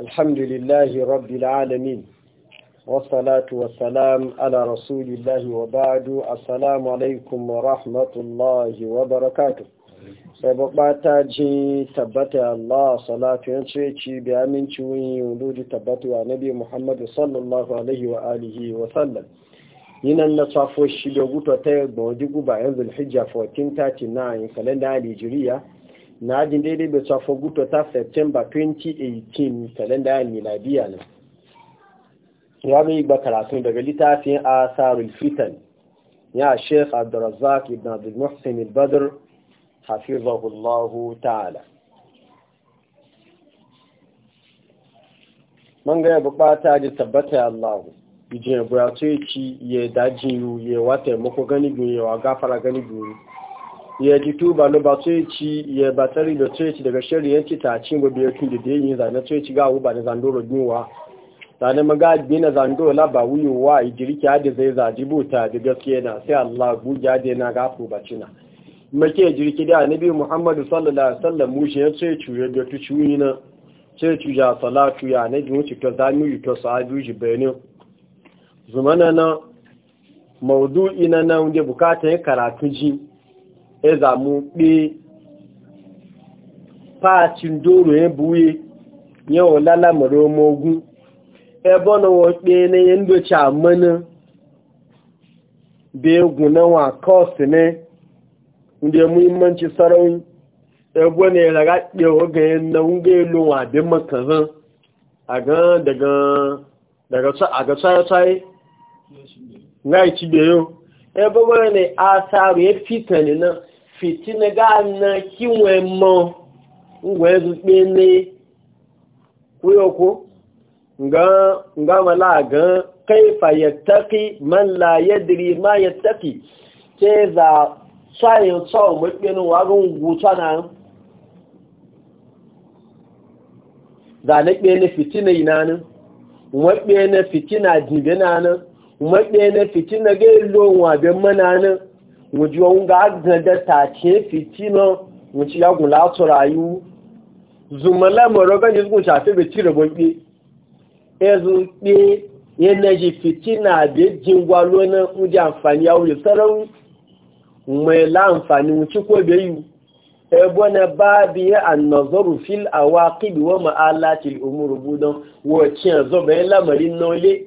الحمد لله رب العالمين والصلاة والسلام على رسول الله وبعد السلام عليكم ورحمة الله وبركاته sababata ji تبت الله صلاة ينشيكي ce ci bi تبت ونبي محمد صلى الله عليه وآله وسلم ina na safo shi da guto ta gbon digu yanzu zulhijja 1439 kalenda alijiriya na ajin daidai bai safo guto ta september 2018 kalenda ya miladiya ne ya mai ba karatu daga littafin a sarul fitan ya sheikh abdurazak ibn muhsin al-badr hafizahullahu ta'ala man ga yabu bukata da tabbata Allah ya buya ce ci ya daji ya wata mako gani biyu ya wa gafara gani biyu ya ji tuba na ba tsoyaci ya tsari da tsoyaci daga yanci ta ci gobe biyar tun da da yi zane tsoyaci ga abu ba na zandoro yiwuwa zane magabi na zandoro la ba wa a jirki hadi zai zaji buta da gaske na sai allah guja da na gafu ba cina make jirki da annabi muhammadu sallallahu alaihi wasallam mu shi ya tsoyaci ya ga tuci na tsoyaci ya salatu ya na mu ci ta zanu yi ta sahabi ji bayanin zumana na ina na nan bukatar bukatun karatu ji ya zamu pe pachin doro ya buye yawon lalamaro mogun ebe na wakpe na ya ndoci amana da egwu na wakosi ne ndị muhimmanci sarauni egwu na ya raga ga na nga elu wadin a gan daga tsaye-tsaye yau ebe wani asaru ya fitani na fitina ga na kinwe mo ngwe zupe ne kuyoko nga nga mala ga kaifa yattaqi man la yadri ma yattaqi ke za sai so mo pinu wa ga nguta na da na pe ne fitina inanin mo pe ne fitina dibena nan mo pe ne fitina ga lo wa be mananin wuji wani ga gada ta ce fitina wuci ya gula su rayu zumala marogan ya zuku shafi bai ci rabon ɓe e ya zu ɓe yana ji fitina da jingwa lonan wuji amfani ya wuce sarari mai la amfani wuci ko bai yi ebo na babi ya annazaru fil awaqibi wa ma'alatil umur budan wace yanzu bai lamarin nole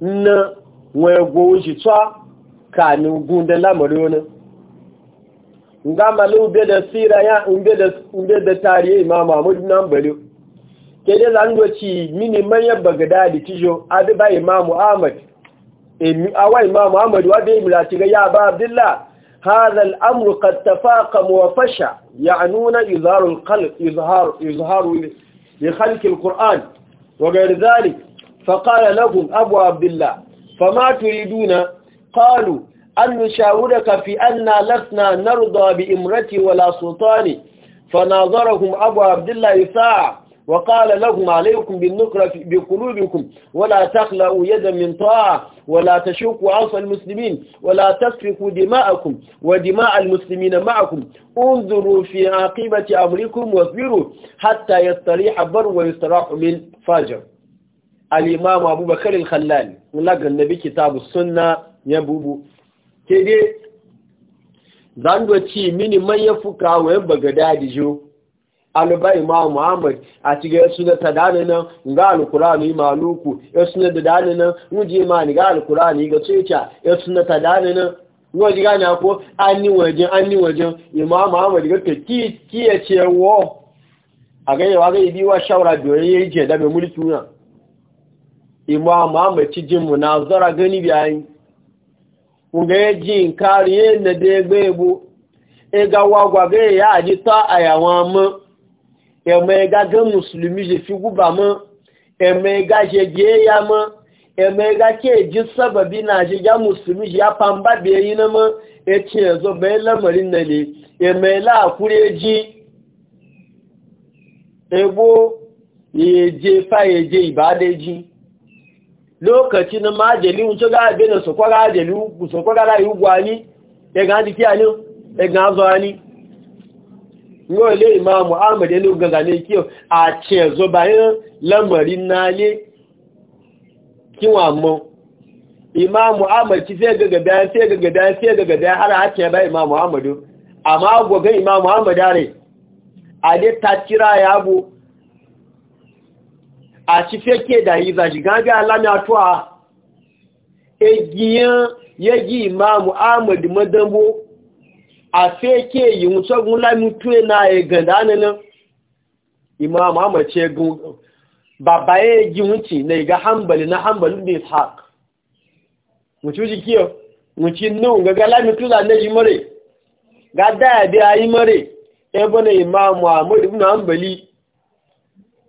na wego wuce tsawa kanin gunde lamari wani ngamalu be da sira ya nge da nge da tariye imam ahmad nan bale ke da lango ci mini manya bagada di tijo adi ba imam ahmad in awai imam ahmad wa be mula ci ga ya ba abdullah hadha al amru qad tafaqam wa fasha ya'nuna izhar al qalb izhar izhar li khalq al qur'an wa ghayr dhalik fa qala lahum abu abdullah fa ma turiduna قالوا أن نشاورك في أننا لسنا نرضى بإمرتي ولا سلطاني فناظرهم أبو عبد الله ساعة وقال لهم عليكم بالنقرة بقلوبكم ولا تخلقوا يدا من طاعة ولا تشوكوا عصى المسلمين ولا تسفكوا دماءكم ودماء المسلمين معكم انظروا في عاقبة أمركم واصبروا حتى يستريح بر ويستراح من فاجر الإمام أبو بكر الخلال ولقى النبي كتاب السنة ya bubu ke dai zangoci mini manya fuka wayan bagada jo aluba imam muhammad a cikin suna ta dani nan ga alkurani maluku ya e suna da dani nan wuje ma ni ga alkurani e ga tsoca ya suna ta dani nan waje gani ko an ni wajen an ni wajen imam muhammad ga ta kiyace wo a gaiwa ga ibi wa shawara doyen yayi je da mai mulki na imam muhammad ci jin munazara gani biyayi nga ya e ji kariye na da egbe egbu igawa e gwage ya ajita ayawa mu eme ga ga musulmi je fi guba mu eme ga je je ya mu eme ga ke ji sababi na je ya musulmi je ya pamba bi yi mu e ce yanzu e la lamarin na ne eme la kure ji ye je fa ye je ibadeji lokacin majali wuce ga abin da su kwaga ajali su kwaga rayu a nan ya ga ni yóò lé ìmáàmù ahmed ẹni ni, ní kí o àti ẹ̀zọba yán lẹ́mọ̀rí náà lé kí wọ́n mọ́ ìmáàmù ahmed ti fẹ́ gẹ̀gẹ̀dẹ̀ fẹ́ gẹ̀gẹ̀dẹ̀ fẹ́ gẹ̀gẹ̀dẹ̀ ara àti ẹ̀bá ìmáàmù ahmed àmá gbogbo ìmáàmù ahmed rẹ̀ adé ya àti fẹ́kẹ́ ẹ̀dà ìzàṣìgáńgá alámìàtọ́à egiyan yẹ́gì ìmáàmù ahmed mọ́dánwó àfẹ́kẹ́ ìyìnwó sọ́gun lámìtú ẹ̀nà ẹ̀gàndà nínú ìmáàmù ahmed ṣẹ́gun bàbá ẹ̀gì wùntì na ìgá hambali na hambali ní ishaq wùntí wùntí kí na wùntí nù gaga ahmed hambali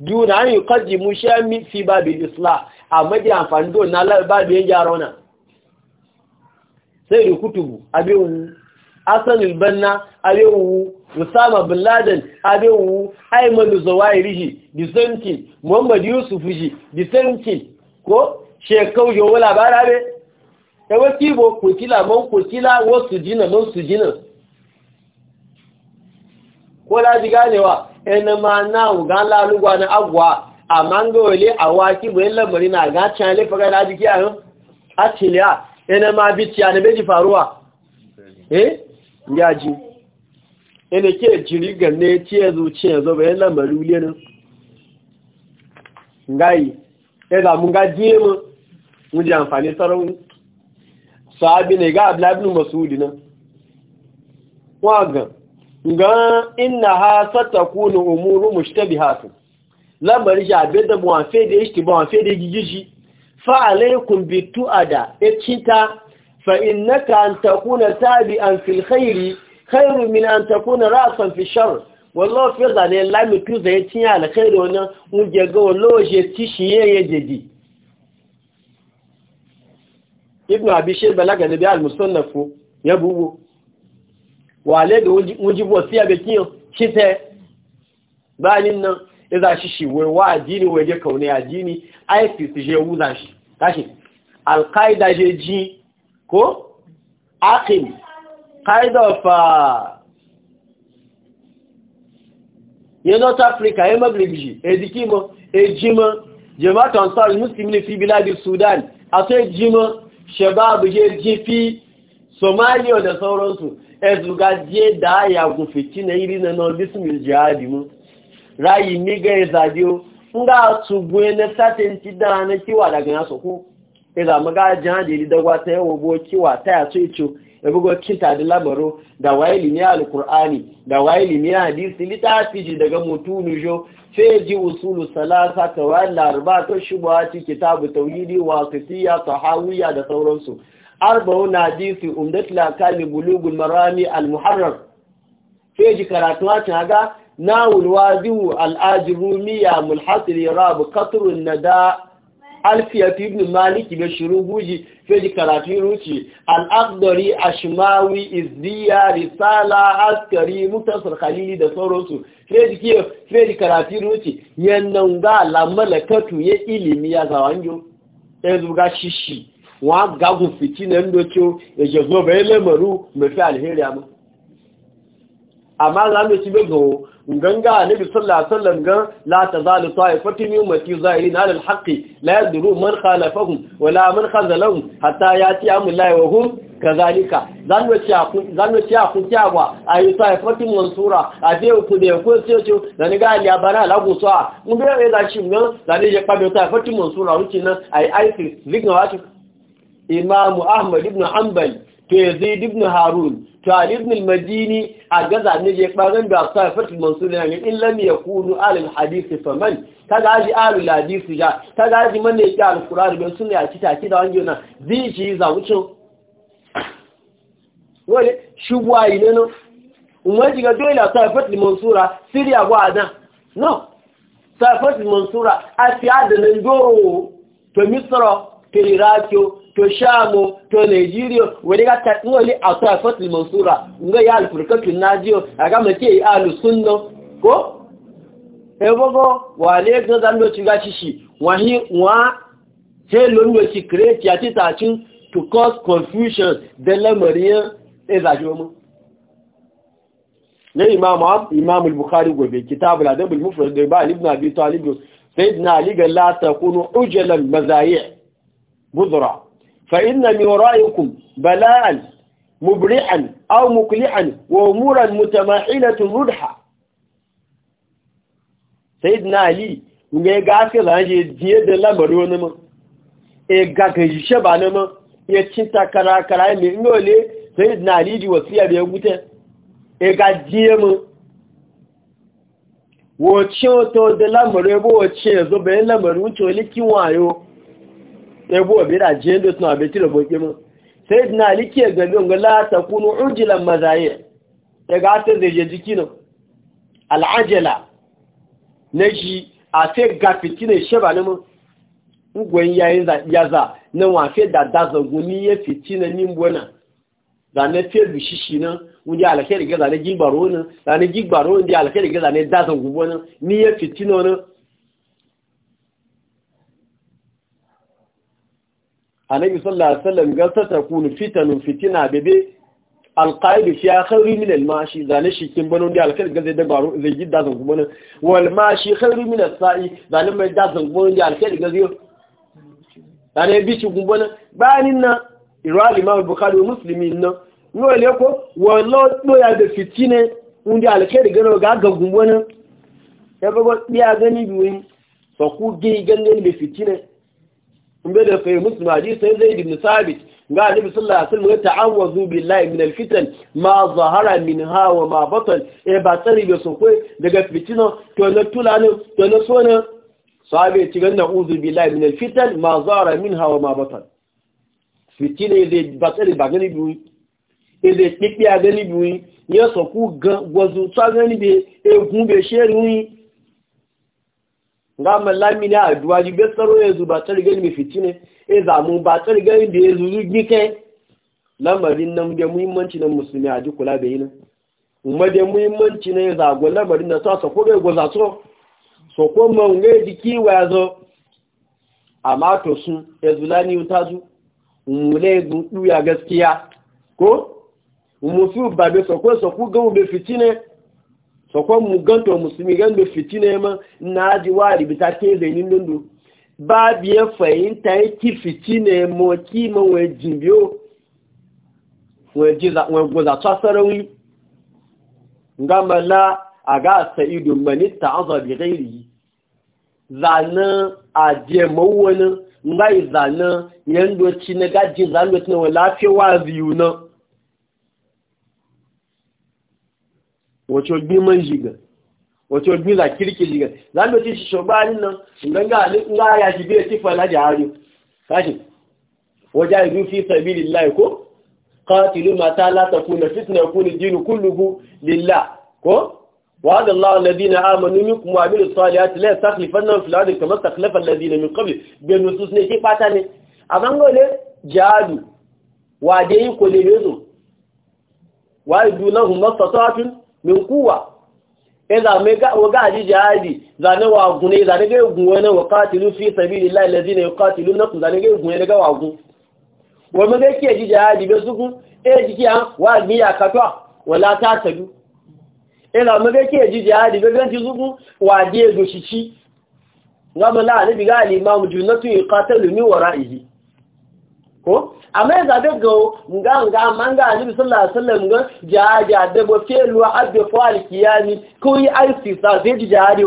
duna an yi kaji mu sha fi babin isla a maji amfani don na yin gyara wana sai da kutubu abin asan ilbanna abin musamman bin Laden Adewu Ayman Zawairihi Disentin Muhammad Yusuf shi Disentin ko shekau yawon wala barabe e wasibo ko kila mon ko wasu jina non su jina ko laji ganewa ina ma na ga lalugwa na agwa amma ga wale a waki bayan lamari na ga can lefa ga laji ki ayon a ciliya ina ma biciya da beji faruwa eh ya Ene ina ke jiri ganne ciye zuciya zo bayan lamari ulenin ngayi ina e mun ga jiye mu mun ji amfani sarau sahabi ne ga abdullahi ibn mas'ud nan wa ga ga inna ha sata umuru mushtabihatu lamar ja da mu afe da ishti ba da gigiji fa alaikum bi tuada echita fa innaka an takuna tabi'an fil khairi khairu min an takuna ra'san fi shar wallahu fi zane lami tu zai tinya al khairu Wani mun ga loje tishiye ye jeji ibnu abi shayba da bi al musannaf ya bugu. wà lẹ́dọ̀ wọ́n jí bọ̀ sí ẹgbẹ̀ kí yàn ṣíṣẹ́ báyìí náà ẹzà ṣíṣì wẹ̀wà àjíní wẹ̀jẹ́ kàwọn àjíní isis ṣe wú láṣì alkaida ṣe jí kó akin kind of uh, yẹn north africa yẹn mọ́gbìlìbìjì ẹ̀dìkí mọ́ ẹjímọ́ jẹ́mọ́tàn sọ́rọ̀ muslim ní fi bílá bí sudan àti ẹjímọ́ ṣẹ̀bá àbújẹ́ jí fi somalia da sauransu ezugaje da ya gufiti na iri na non bismil jihadi mu rayi ni ga ezadio nga tugwe na certainty da na kiwa daga naso ko ila maga jihadi li dagwa ta yawo bo kiwa ta ya so icho ebugo kinta da labaro da waili ni alkur'ani da waili ni hadisi ji daga mutunu jo feji usulu salasa ta wal arba to ci kitabu tauhidi ta tahawiyya da sauransu arba'un hadisi umdatul akali bulugul marami al-muharrar feji karatu a taga nawul wadiu al-ajrumiya mulhasiri rab qatrun nada alfiyatu ibn maliki be shurubuji feji karatu ruci al-aqdari ashmawi izdiya risala askari muktasar khalili da sauransu feji ke feji karatu ruci yannan ga lamalakatu ya ilimi ya zawanjo yanzu ga shishi wọ́n gagun fìtí na ń lókí ẹ̀ṣẹ̀gbọ́n maru lẹ́mọ̀rú mẹ́fẹ́ alheri àmọ́ amma ci lánà tí gbogbo nganga níbi sallàsallam gan látàzálù tó haifar tí mímọ̀ tí zahiri na alhaƙi láyàdùrú man khalafahun wala man khazalahun hatta ya ti amu laiwahun ka zalika zanuwa ci kun kyawa a yi ta haifar mansura a fiye ku da yankun siyoci zani ga aliya bana alagun a. mun biyar ya nan da zani ya kwabe ta haifar mansura wuce nan a yi isis zikin wacin imamu ahmad ibn hanbal to yazid ibn harun to ali ibn al-madini a gaza ne je baran da safat mansur ne in lam yakunu alal hadith faman kaga aji alul hadith ja kaga aji man ne ya al-qur'an ben sunna ya ci taki da wanjo na zai ci za wucin wale shubwa ile no umaji ga dole safat mansura siriya gwa da no safat mansura a fiya da nan doro to misra to irakio to shamo to nigeria wani ga taɗin wani a ta fatil mansura nga ya alfurkatun najiyo a ga ke yi alu sunna ko ebogo wa ne ga zando lokacin gashi shi wahi wa ce londo kireti create ya ci to cause confusion da lamarin ezajo mu ne imam imamu bukari gobe kitabu la adab al da ba ibn abi talib sai na aligar la takunu ujalan mazayi' buzura. فإن من ورائكم بلاء مبرعا أو مقلعا وأمورا متماحلة مدحة سيدنا علي ne gafi zanje jiye da lamari wani ma e gagajishe كرا na ma ya cinta karakara mai inole sai na aliji wasiya ya wuta e gajiye mu wace to da lamari bo wace ya zo bayan lamari wuce wani ebo bira jendo tun abeti lo boke mu sayyidina ali ke gabe ngo la takunu ujilan mazaye ya ga ta da je jikino al'ajala neji a fe ga fitine sheba ne mu ngwen yayin da yaza na wa fe da da zangu ni ye fitine ni mbona da ne fe shishi na wunde alakere ga da ne gigbaro na da ne gigbaro ndi alakere ga da ne da zangu bona ni ye fitine na annabi sallallahu alaihi wasallam ga ta takunu fitanun fitina bebe alqaidu shi khairi min almashi zane shi kin banon da alkal ga zai da baro zai yi da zangu banon wal mashi khairu min asai zane mai da zangu banon da alkal ga zai zane bi shi gumbona bayanin na irwal imam bukhari muslimin na no le ko wallo do ya da fitine undi alkal ga no ga ga gumbona ya ba ba biya gani biwin so ku gi gangan da fitine bai da sai muslim hadisi sai zaid ibn sabit ga annabi sallallahu alaihi wasallam ya ta'awwazu billahi min alfitan ma zahara minha wa ma batan e ba tsari da su kai daga fitina to na tulanin to na sona sahabe ci ganna uzu billahi min alfitan ma zahara minha wa ma batan fitina zai ba tsari ba gani biyu e zai kikkiya gani biyu ya soku gwazu tsa bi be egun be sherin nga malami ne aduwa ji be tsaro ya zuba ta riga mi ne e za mu ba ta riga da ya zuzu gike lamarin nan da muhimmanci na musulmi a ji kula da yin umma da muhimmanci ne za go lamarin da sa sa ko ga goza so so ko mun ga ji kiwa ya zo amma to sun ya zulani ta zu ne gu ya gaskiya ko umusu ba be so ko so ku ga mu be fitine sọ̀kọ́ mu gánto musulmi gánto fitina ma na ji wa ribita ke zainin dundu ba biye fahimta yi ki fitina ma ki ma wọ́n jin biyo wọ́n gwaza ta sarauni gama la a ga sa'idu manita an zabi gairi zanen ajiyemawani ngai zanen yandoci na gajin zanen wani lafiya wa ziyu na wato gbin man jiga wato gbin la kirki jiga zan da shi shobarin nan idan ga ga ya ji bai tifa la jari kashi wajahidu fi sabilillahi ko qatilu mata la takuna fitna yakunu dinu kulluhu lillah ko وعد الله الذين آمنوا منكم وعملوا الصالحات min kuwa in e zame waga a ji jihadi zane wagu ne zane ga egun wani wa katilu fi sabili lai lazi ne na kun zane ga egun wani ga wagu wani ga ke ji jihadi bai suku e jiki an wa ni ya katwa wala ta tabi in e zame ga ke ji jihadi bai ganci suku wa je doshici gama la alibi ga alimamu junatu ya katalu ni wa ra'ihi ko amma yanzu da nga nga manga annabi sallallahu alaihi ga jihadi felu alkiyami ko yi aisi zai ji jihadi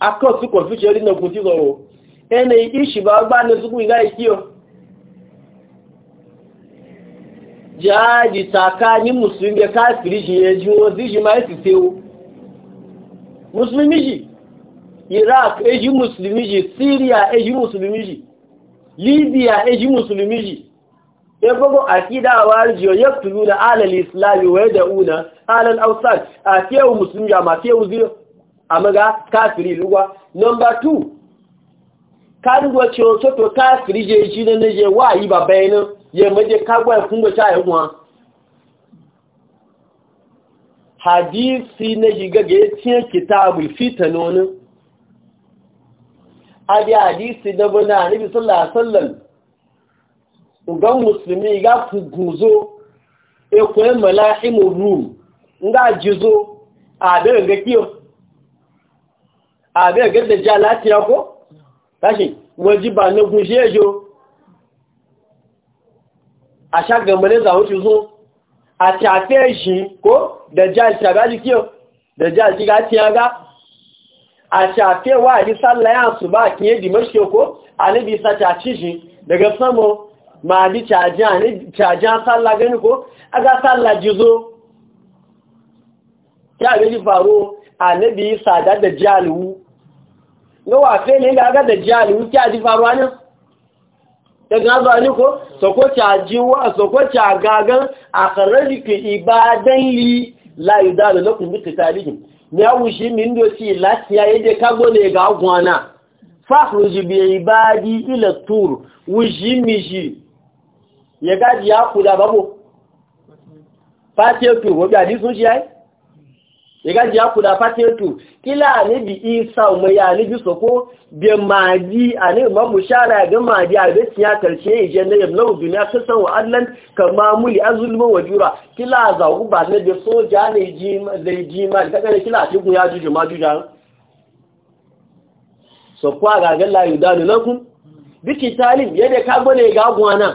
akọ su ko fi na guti zo ene ishi ba gba ne zugu ga ikiyo jihadi takani musulmi kafiri ji eju ozi ji e, mai tisewo e, musulmi ji iraq eji musulmi ji syria eji musulmi ji libya ya e ji musulmi ji ya e gogo a kidawa rijiyo ya turu da alal islami wa da una alal ausar a kewu musulmi a kewu zira a maga kafiri luwa Nomba 2 karuwa ce o soto kafiri je shi na neje wa yi ba bayanin ya maje kagwa ya e ga ta yawa hadisi na jiga ga ya tiyan kitabul fitanonin adi hadisi da bana nabi sallallahu alaihi wasallam ugan musulmi ga guzo e ko malahimu rum nga jizo a da ga kiyo a da ga da jalati ya ko tashi wajiba na gushe jo a sha shagan mane za wuce zo a tafe shi ko da jalati ga kiyo da jalati ga tiyaga a shafe wa a sallah ya su ba kiye dimashke ko alibi sa caci shi daga samo ma di cajan sallah gani ko aga sallah jizo ya gaji faro alibi sa da da jaliwu ga wafe ne ga aga da jaliwu kya ji faro ne daga zuwa ni ko soko cajiwa soko cagagan a kararriki ibadan li la yudalu lakum bi qitalihim miawushi min do ci lati ya yede kago ga gwana fakhruji bi ibadi ila tur wujimiji ya gaji ya kula babu fatiyo tu wo bi adisun ìgájì àkùdà fásitì kílá níbi isa òmìnira níbi sọ́kó bí màájí àníwọ̀n mọ̀ṣára ẹ̀gbẹ́ màájí àgbẹ́sìn àkàrṣe ìjẹ́ nẹ́yẹm náà duniya sassan wa wa jura ba jí ma da kakar kílá àtikun ya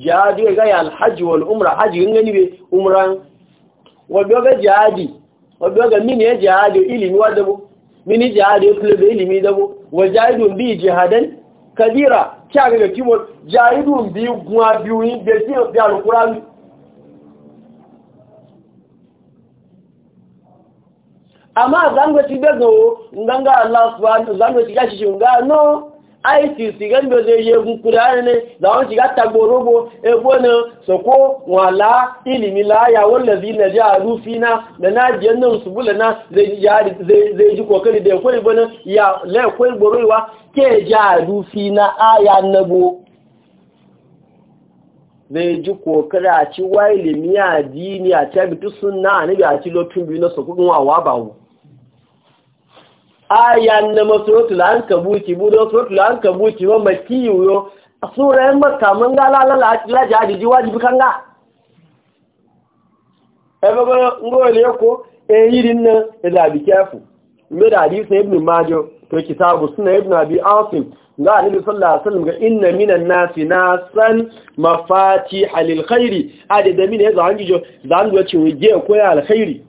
jihadi ga gaya alhaji wal umra haji ngani be umran wabiyo ga jihadi wabiyo ga mini ya jihadi ilimi wadabo mini jihadi ya kula da ilimi dabo wa jahidun bi jihadan kabira kya ga kimo jahidun bi gwa biyu yin da ke da alqur'ani amma zango ti dago nganga allah subhanahu zango ti gashi shunga no ICC gan da zai yi egun na ne da wani shiga tagorogo ebo ne su ilimi laaya wanda na ji a na jiyan nan su bula na zai ji kokari da ya kwai ya laikwai gorowa ke ji a na aya na zai ji kokari a ci wa ilimi adị a na aya na masorotul an kabuci budo sorotul an ba, ma maki yoyo a tsoron maka mun ga lalala laji adiji wajibi kan ga ebe ga Ya ko e yirin na ila e bi kafu me da hadisi ibn majo to kitabu sunna ibn abi asim ga annabi sallallahu alaihi wasallam ga inna minan nasi nasan mafatih lil khairi ya min yazo angijo zan go ce wuje ko ya alkhairi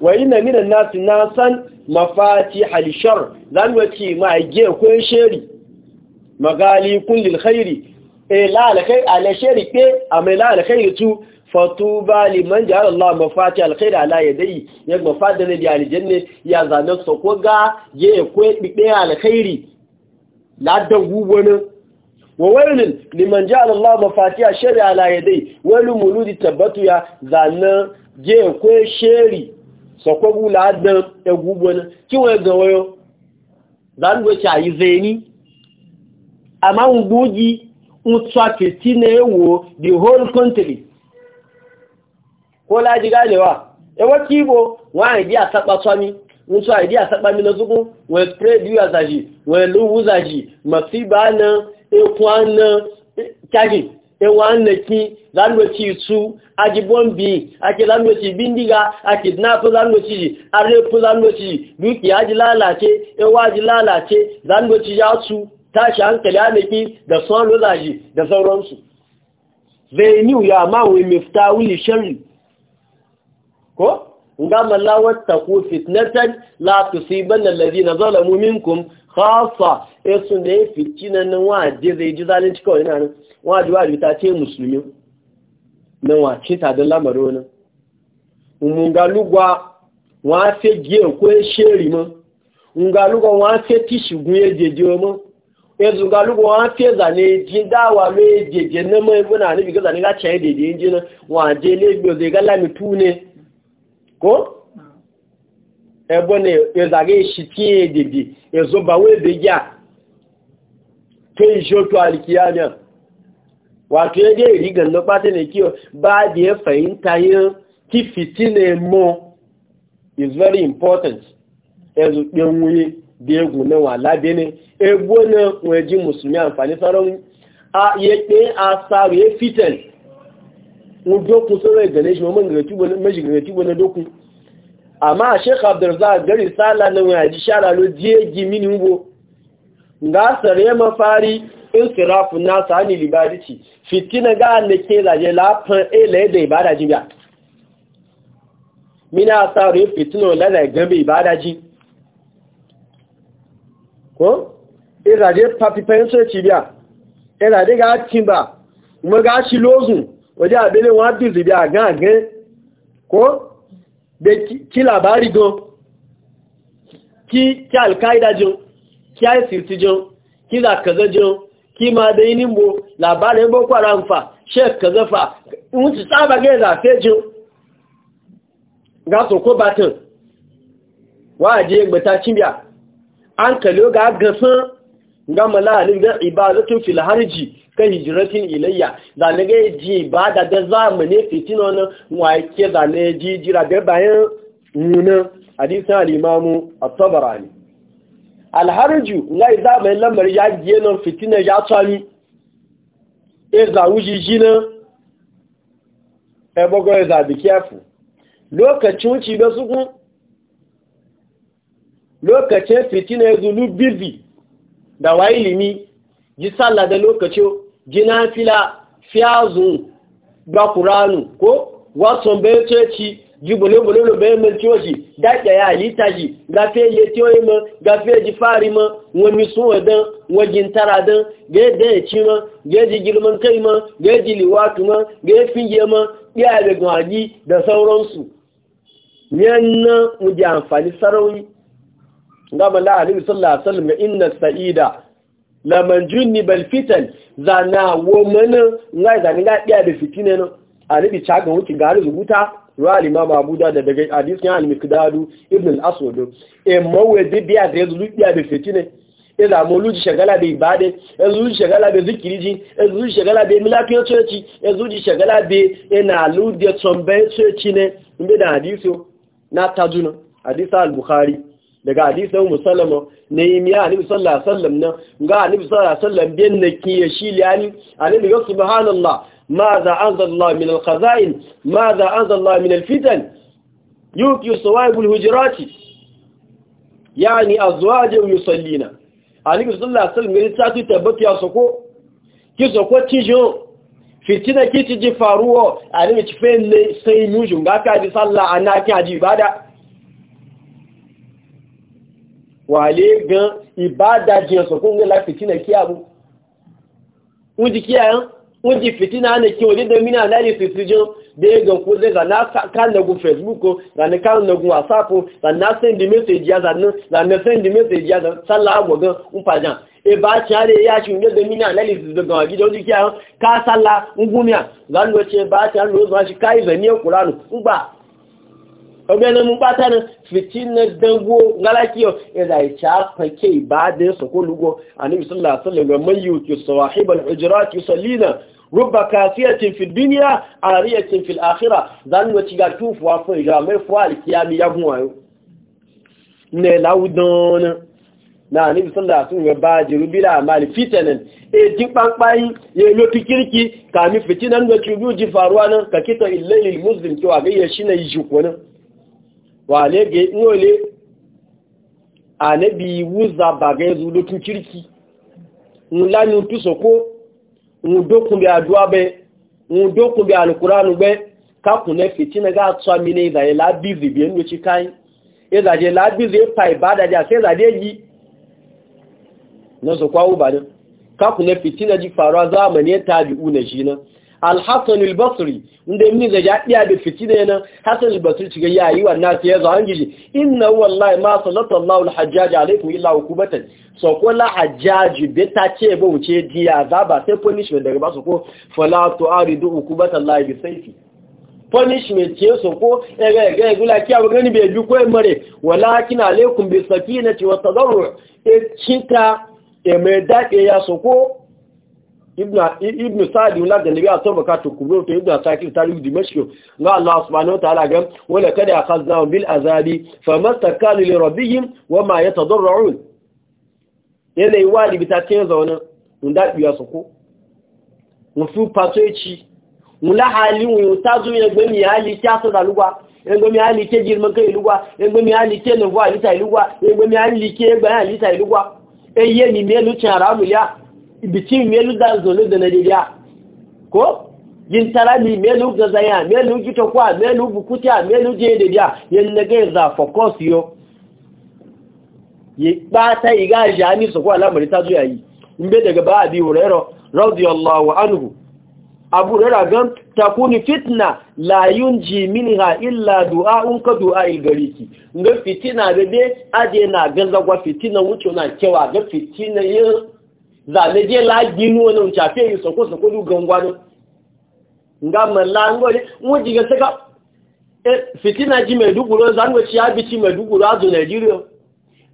wa inna minan nas nasan mafatihal shar zan ce ma ge kun sheri magali kun lilhairi e la al khair ala sheri pe amila al khair tu fatuba liman jihar Allah mafati al ala ya dai ya mafada na da janne ya zana su ko ga ge ko bibe alkhairi khairi la dan gubona wa wailin liman jihar Allah mafati al shari ala yadayhi walu muludi tabbatu ya zana ge ko sheri sọ̀kọ́ bú láàdán ẹgbù gbọ́nà kí wọ́n gan wọ́yọ́ zangochi àyíze ní a máa ń gbójí ń tọ́ àkẹtí na ẹwò the whole country kó láti gáàlẹ̀wà ẹwọ́ kí ibò wọ́n àìdí àsápa ewa nneki langoci su aji bombi ake langoci bindiga ake dinafu langoci arefu langoci duki aji lalace ewa aji lalace langoci ya su tashi hankali anaki da son lozaji da sauransu zai niu ya mawai mifta wuli shari ko? ga mallawar taku fitnatan la tusiban allazina zalamu minkum khassa isun da ya fitinan nan wa je zai ji zalunci kawai nan waji waji ta ce musulmi na wace ta don lamarin wani ngalugwa wọn fẹ́ gí ẹ̀kọ́ ṣẹ́rì mọ́ ngalugwa wọn fẹ́ tíṣìgún ẹjẹjẹ mọ́ yanzu ngalugwa wọn fẹ́ zane jídáwà ló ẹjẹjẹ náà ẹgbẹ́ náà ne ìṣòtò àlìkíyà náà wato ya dai rigar na ɓata ne kiyo ba da ya fahimta yin kifiti ne mo is very important ẹzù pé wúye bí egun náà wà lábẹ́ ní egbó náà wọ́n jí musulmi àǹfàní sọ́rọ̀ yẹ pé asàrò yẹ fìtẹ̀l wọ́n dókun sọ́rọ̀ ìgbẹ̀lẹ́ ṣe mọ́ mẹ́jìgẹ̀rẹ̀ tí ga insirafu nasu hannu libadici fitina ga la pan e ele da ibada jibiya mina sa rin fitina lada gambe ibada ji ko? iraje e papipayin soci biya irade ga timba ma ga shi lozun waje abinin wadda zibiya gan gan ko? da ki labari gan ki alkaida jin ki isis jin ki zakazajin kima da yinin bo labarin boko haram fa sheik kaza fa in su tsaba ga za fejin ga so ko an kalo ga gasan ga malalin ga ibadatu fil harji ka hijratin ilayya da ne ji bada da zamani fitina na wa ke da ne ji jira bayan nuna hadisan al-imamu at alharju nga iza mai lamar ya giye nan fitina ya tsari iza e wuji shi nan ebogo iza be careful lokacin wuce da suku lokacin fitina ya e zulu bibi da wa ilimi ji sallah da lokacin gina fila fiyazun ga kuranu ko wasan bayan ceci ji bule-bule bayan mai ciwo shi dákẹ̀ yà lítàjì gáfẹ́ iye tí ó yí mọ́ gáfẹ́ di fáàrí mọ́ wọn mi sún ọ̀dán wọn jí ń tara dán gẹ́ẹ̀dẹ́ ẹ̀kí mọ́ gẹ́ẹ̀dì gílùmọ́ kẹ́yì mọ́ gẹ́ẹ̀dì lìwàtù mọ́ yẹ mọ́ bí àrẹ̀gùn àjí da sauransu yẹn ná mo di àǹfààní sarauni gama láàrin alibi sallallahu alaihi wasallam inna sa'ida laman junni bal fitan zana wo mana ngai zani ga biya da fitina no alibi chaga wuce ga rubuta ruwa ma abuja da daga hadisun al-mikdadu ibn al-aswad e mawe biya da yanzu biya da fitine ya e zama oluji shagala da ibade ya e zuji shagala da zikiriji ya e zuji shagala da milafiyar coci ya zuji shagala da yana aludiyar tsombayin coci ne inda da hadisu na tajuna hadisa al-bukhari daga hadisan musallama na yi miya anibi sallallahu alaihi wasallam nan ga anibi sallallahu alaihi wasallam biyan na kiyashi liyani anibi yau subhanallah ماذا أنزل الله من الخزائن ماذا أنزل الله من الفتن يوكي صوائب الهجرات يعني أزواج يصلينا عليك صلى الله عليه وسلم يرساتي تبطي أسوكو كي سوكو تيجون fitina kici ji faruwa a ne ci fayin ne sai nujin ba ka ji sallah a na kin ji ibada wale gan ibada jiyar sokun gila fitina kiyabu un ji uji fitina ne ke wajen da mina na ne fifijin da ya ganku zai zana kan nagu facebook zane kan nagu whatsapp na send message ya na zane send message ya zane sallah agwagan umfajan e ba ci ya shi ne da mina na ne daga wagi da wajen kiyayen ka sallah ngumiya zan wace ba ci hare zuwa shi kayi zaniyar kuranu ba ọgbẹ́ni mú bá tánà fìtínà dánwó gálákíọ̀ ìlà ìṣà pẹ̀kẹ́ ìbáadé sọkólúgbọ́ àníbìsílà sílẹ̀ rẹ̀ mọ́yí òkè sọ̀rọ̀ àhíbà ìjọra kìí sọ lìnà rubba kasiyatin fil duniya ariyatin fil akhirah dan wati ga tufu wa fo ira me fo al kiyami ya gun ayo ne lawdon na ni bi sanda sun ga ba jiru bila mal fitanan e din pampayi ye lo tikirki ka mi fitinan ga tubu ji faruwa nan ka kita illal muslim ki wa ga ya shi na yi shi ko nan wa le ge ngole anabi wuza ba ga zulu tikirki nlanu tusoko ŋun dokun bi aduwa bɛ ŋun bi alukuranu bɛ kakun ne fitina ga tɔ amina izaye la bizi bi enu etsi kan izaye la bizi epa ibada di ase izaye yi nɔsɔkɔ awu ba ne kakun ne fitina di faru aza amani eta bi u ne zi alhassan albasri inda yi niza ya iya da fiti da yana hassan albasri shiga ya yi wannan sai ya zo an gishi inna wallahi ma salatan lawul hajjaji alaikum illa hukumatan so ko la hajjaji be ta ce ba wuce diya za ba sai punishment daga ba su ko fala to aridu hukumatan la bi saifi punishment ce so ko ga eh, ga eh, eh, gula kiya ba gani be bi ko mare walakin alaikum bi sakinati wa tadarru e cita e mai dake ya so ko ibnu sa'adi wala da nabi aso baka to kubro to ibnu sa'adi a dimashq ga Allah subhanahu wa ta'ala gam wala kad akhazna bil azabi famastakanu li rabbihim wama yatadarrun yana iwali bitace zauna mun da biya su ko mun su patoci mun la hali mun tazu lugwa egbe mi hali ke girman kai lugwa egbe mi hali ke lugwa melu chan ramu ya bikin melu da zolo da na dida ko yin tarami melu ga zaya melu gita kwa melu bukuta melu je dida yan na gai za focus yo yi bata iga jami su kwa lamari ta zuya yi in bai daga ba abi hurairah radiyallahu anhu abu rara gan takuni fitna la yunji minha illa du'a'un ka du'a'il gariki Nga fitina bebe aje na ganzagwa fitina wuce na kewa ga fitina yin zàlẹ́jẹ́ láàájí inú ọ̀nà òǹtàfẹ́ èyí sọ̀kọ́sọ̀kọ́lú gangbanu nga mọ̀lá ngọ́lé wọ́n jíga sẹ́ká e, fitina jí mẹ̀dúgbùrú zanwẹ̀tí ábìtí mẹ̀dúgbùrú azù nàìjíríà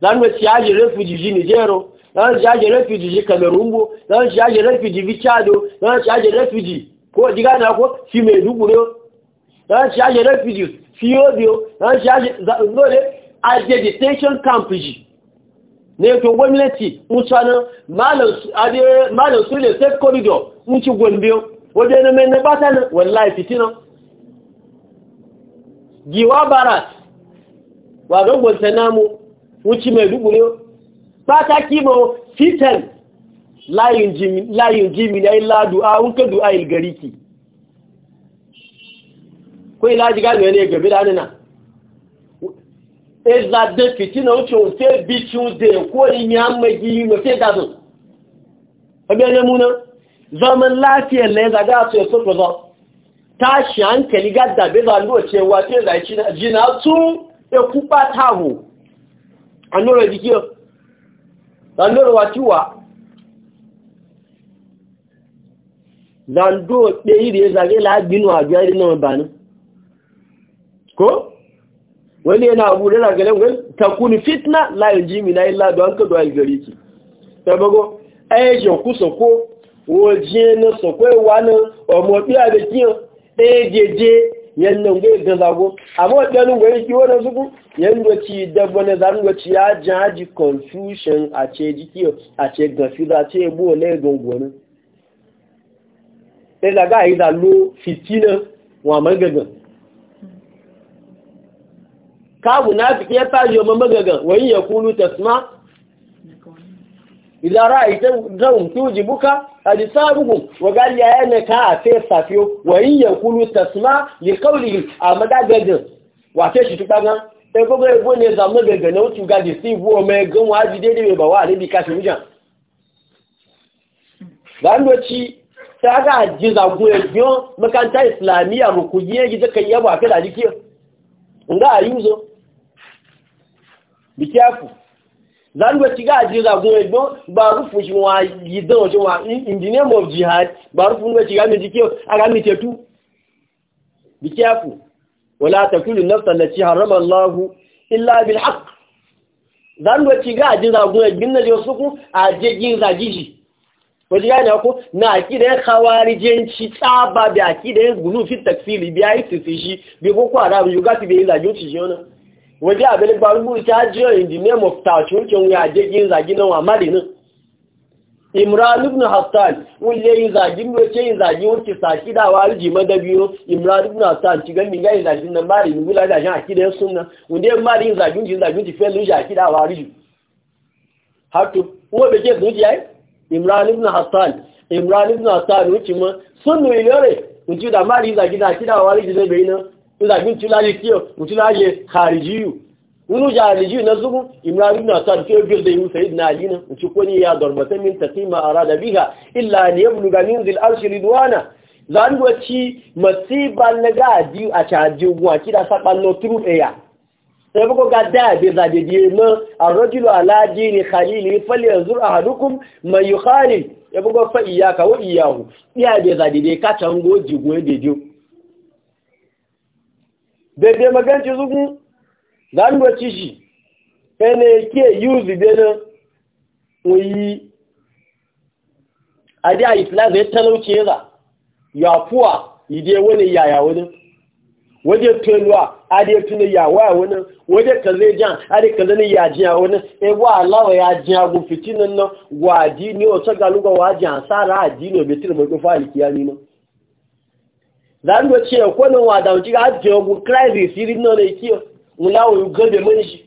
zanwẹ̀tí ájì rẹ́fùjìjì nìjẹ́rọ zanwẹ̀tí ájì rẹ́fùjìjì kẹmẹrùngbó zanwẹ̀tí ájì rẹ́fùjì vichado zanwẹ̀tí ájì rẹ́fùjì kó jíga náà kó fi mẹ̀dúgbùrú zanwẹ̀tí ájì rẹ́fùjì fi óbio zanwẹ̀tí ájì ngọ́lé aje detention camp jì ne to gwamnati mutanen malam su ne safe corridor muci gombe waje na mai na bata nan wallahi fitinan giwa barat wa don namu wuci mai dubu ne bata kima fitan layin jimi na illa du'a wunka du'a ilgariki ko ila jiga ne gabe da nuna eza de fitina wuce wuce bicu da ko in ya magi mafi dazun abin ne muna zaman lafiyar na ya zaga su ya soto zo tashi hankali gadda bai zaluwa cewa ce zai jina tu ya kuba tahu a nura jikiyar zandowa ciwa zando ɗaya da ya zage labinu a biyar na mabanin ko? wani yana abu da ragalen wani takuni fitna layin jimi na illa don ka zuwa gari ki ta bago ayyajin ku sako waje na sako wani omobiya da kiyan ɗaya jeje yannan gai ga zago amma waɗannan gwai ki wani zuku yanwaci dabba na zanwaci ya jaji confusion a ce jiki a ce gafi da ce bo na gungunin ɗaya daga a yi zalo fitina wa magagan ka munafiki ya yi wa magagan wani ya kulu tasma idan ra'aita zan tuji buka adisaruhum wa gali ya yana ka a fe safiyo wani ya kulu tasma li kauli a magagajin wace shi tuka gan ɗan ya ego za magaga na wuce ga disibu o mai gan ji daidai mai bawa wa alibi kashi wujan gandoci ta ga ji zago ya e biyo makanta islamiyya e yi gida kan abu a kada jikiyar nga a yi uzo be careful zanwe tiga ajira gun egbo gbarufu shi in the name of jihad gbarufu nwe tiga mi dike ara mi wala takulu nafsa allati harama allah illa bil haqq zanwe tiga ajira gun egbin na jo sukun ajejin zajiji wani gane ku na akidan khawarijanci tsaba bi akidan gulu fi takfili bi ayi tisi bi boko haram yuga bi zajuci shi wannan waje abin gbagbo ta jiya in the name of tashin kin ya je yin zagi na wa malinin imran ibn hassan wuce yin zagi wuce yin zagi wuce saki da warji madabiyo imran ibn hassan ci gani ga yin zagi na mari ni gula da shan akida sunna wunde yin mari yin zagi yin zagi da felu a akida warji hatu bai ce ke wuce yai? imran ibn hassan imran ibn hassan wuce ma sun sunnu yore wuce da mari yin zagi da akida warji ne bayina ìdàgbé tí láyé kí ọ mú tí láyé kàrìjíyù nínú ìjà na alina mú tí kó ní ya dọ̀rọ̀mọ̀tẹ́ illa ni ya buluga masiba na gaji a caji guwa kida gada no turu eya sai e buko ga da be zaje die ne arrajulu ala dini khalili falyanzur ahadukum man yukhalil ya e buko fa wa iyyahu iya be zaje ka tango jigwe daidai maganci zugun zanwaci shi ene ke yuzi dena wuyi a da islam zai talauce za fuwa ide wani yaya e wani waje tunuwa a da tunu yawa wani waje kaze jan a da kaze ni yajiya wani ewa alawa ya jiya gun fitinan e nan wa ji ni wasu galuga wa ji asara a ji ne betir mai kufa alkiyami nan zando ce kwanan wada wuce ga hajji ogun crisis siri na da kiyo mulawun gabe man shi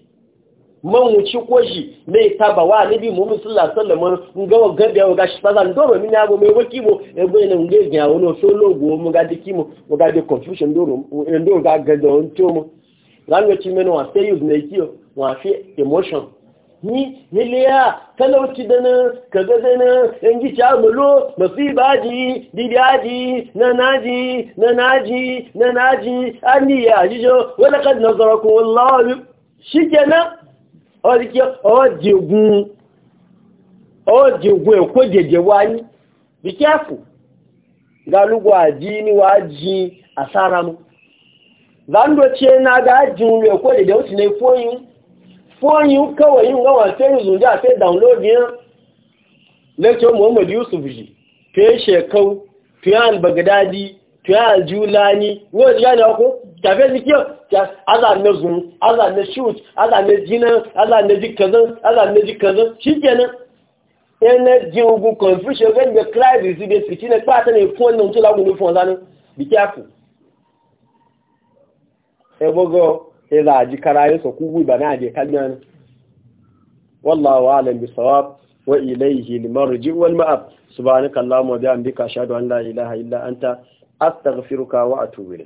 man wuce ko shi ne taba wa nabi mu musulla sallama ngawa gabe ga shi tsazan doro min ya go mai waki bo e bo ne ngai ga wono so logo mu ga diki mu mu ga de confusion doro en doro ga ga don mu zando ci meno wa use ne kiyo wa fi emotion ni yiliya talauci da nan ka gaza nan yan ji camulo mafi baji didaji na naji na naji na naji an ni ya jijo wadda kan nazara ko wallahi shi ke nan ọdike ọjegun ọjegun ẹkọ e jeje wáyé be careful galugu aji ni wa ji asara na ga ajin ẹkọ jeje ó na ifo yìí fóyún kawai yin gawa sai zunja sai download yin lecture muhammad yusuf ji fiye shekau fiye albagdadi fiye aljulani wọ́n ya ne ọkọ́ tafiye jiki aza na zun aza na shoot aza na jinan aza na jikazan aza na jikazan shi kenan yana jin ogun confusion when the cry is the city na pata na fún ọ̀nà tó lágùn fún ọ̀sánú be careful sai za a ji karayensa kugu ba na je kanyan wallahu alam bisawab wa ilayhi al-marji wal ma'ab subhanakallahumma wa bihamdika ashhadu an la ilaha illa anta astaghfiruka wa atubu